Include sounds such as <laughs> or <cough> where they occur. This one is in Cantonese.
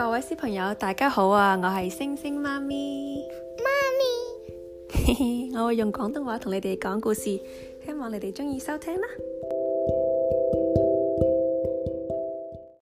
各位小朋友，大家好啊！我係星星媽咪，媽咪， <laughs> 我會用廣東話同你哋講故事，希望你哋中意收聽啦。